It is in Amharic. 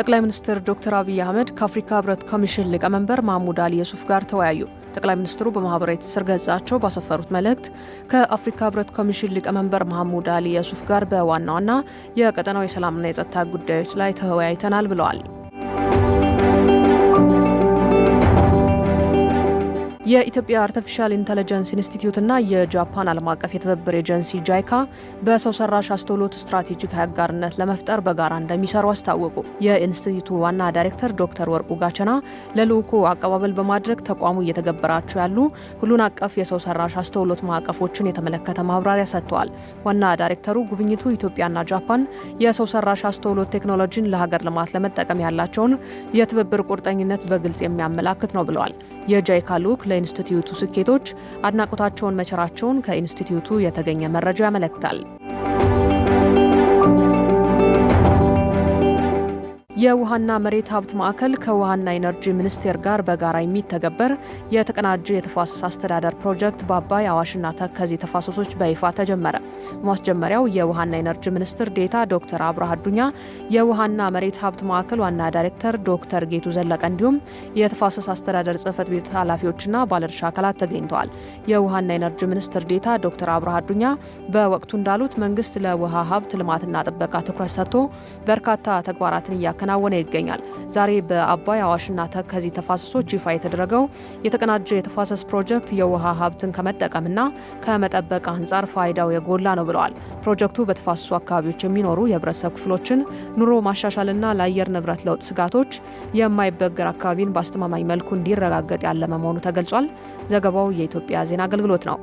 ጠቅላይ ሚኒስትር ዶክተር አብይ አህመድ ከአፍሪካ ህብረት ኮሚሽን ሊቀመንበር ማህሙድ አሊ የሱፍ ጋር ተወያዩ። ጠቅላይ ሚኒስትሩ በማህበራዊ ትስስር ገጻቸው ባሰፈሩት መልእክት ከአፍሪካ ህብረት ኮሚሽን ሊቀመንበር ማህሙድ አሊ የሱፍ ጋር በዋና ዋና የቀጠናው የሰላምና የጸጥታ ጉዳዮች ላይ ተወያይተናል ብለዋል። የኢትዮጵያ አርቲፊሻል ኢንተለጀንስ ኢንስቲትዩትና የጃፓን ዓለም አቀፍ የትብብር ኤጀንሲ ጃይካ በሰው ሰራሽ አስተውሎት ስትራቴጂክ አጋርነት ለመፍጠር በጋራ እንደሚሰሩ አስታወቁ። የኢንስቲትዩቱ ዋና ዳይሬክተር ዶክተር ወርቁ ጋቸና ለልዑኩ አቀባበል በማድረግ ተቋሙ እየተገበራቸው ያሉ ሁሉን አቀፍ የሰው ሰራሽ አስተውሎት ማዕቀፎችን የተመለከተ ማብራሪያ ሰጥተዋል። ዋና ዳይሬክተሩ ጉብኝቱ ኢትዮጵያና ጃፓን የሰው ሰራሽ አስተውሎት ቴክኖሎጂን ለሀገር ልማት ለመጠቀም ያላቸውን የትብብር ቁርጠኝነት በግልጽ የሚያመላክት ነው ብለዋል። የጃይካ ልዑክ ለኢንስቲትዩቱ ስኬቶች አድናቆታቸውን መቸራቸውን ከኢንስቲትዩቱ የተገኘ መረጃ ያመለክታል። የውሃና መሬት ሀብት ማዕከል ከውሃና ኢነርጂ ሚኒስቴር ጋር በጋራ የሚተገበር የተቀናጀ የተፋሰስ አስተዳደር ፕሮጀክት በአባይ አዋሽና ተከዜ ተፋሰሶች በይፋ ተጀመረ። በማስጀመሪያው የውሃና ኤነርጂ ሚኒስትር ዴታ ዶክተር አብርሃ አዱኛ፣ የውሃና መሬት ሀብት ማዕከል ዋና ዳይሬክተር ዶክተር ጌቱ ዘለቀ እንዲሁም የተፋሰስ አስተዳደር ጽህፈት ቤት ኃላፊዎችና ባለድርሻ አካላት ተገኝተዋል። የውሃና ኤነርጂ ሚኒስትር ዴታ ዶክተር አብርሃ አዱኛ በወቅቱ እንዳሉት መንግስት ለውሃ ሀብት ልማትና ጥበቃ ትኩረት ሰጥቶ በርካታ ተግባራትን እያከናወነ ይገኛል። ዛሬ በአባይ አዋሽና ተከዜ ተፋሰሶች ይፋ የተደረገው የተቀናጀ የተፋሰስ ፕሮጀክት የውሃ ሀብትን ከመጠቀምና ከመጠበቅ አንጻር ፋይዳው የጎላ ነው ነው ብለዋል። ፕሮጀክቱ በተፋሰሱ አካባቢዎች የሚኖሩ የህብረተሰብ ክፍሎችን ኑሮ ማሻሻልና ለአየር ንብረት ለውጥ ስጋቶች የማይበገር አካባቢን በአስተማማኝ መልኩ እንዲረጋገጥ ያለመ መሆኑ ተገልጿል። ዘገባው የኢትዮጵያ ዜና አገልግሎት ነው።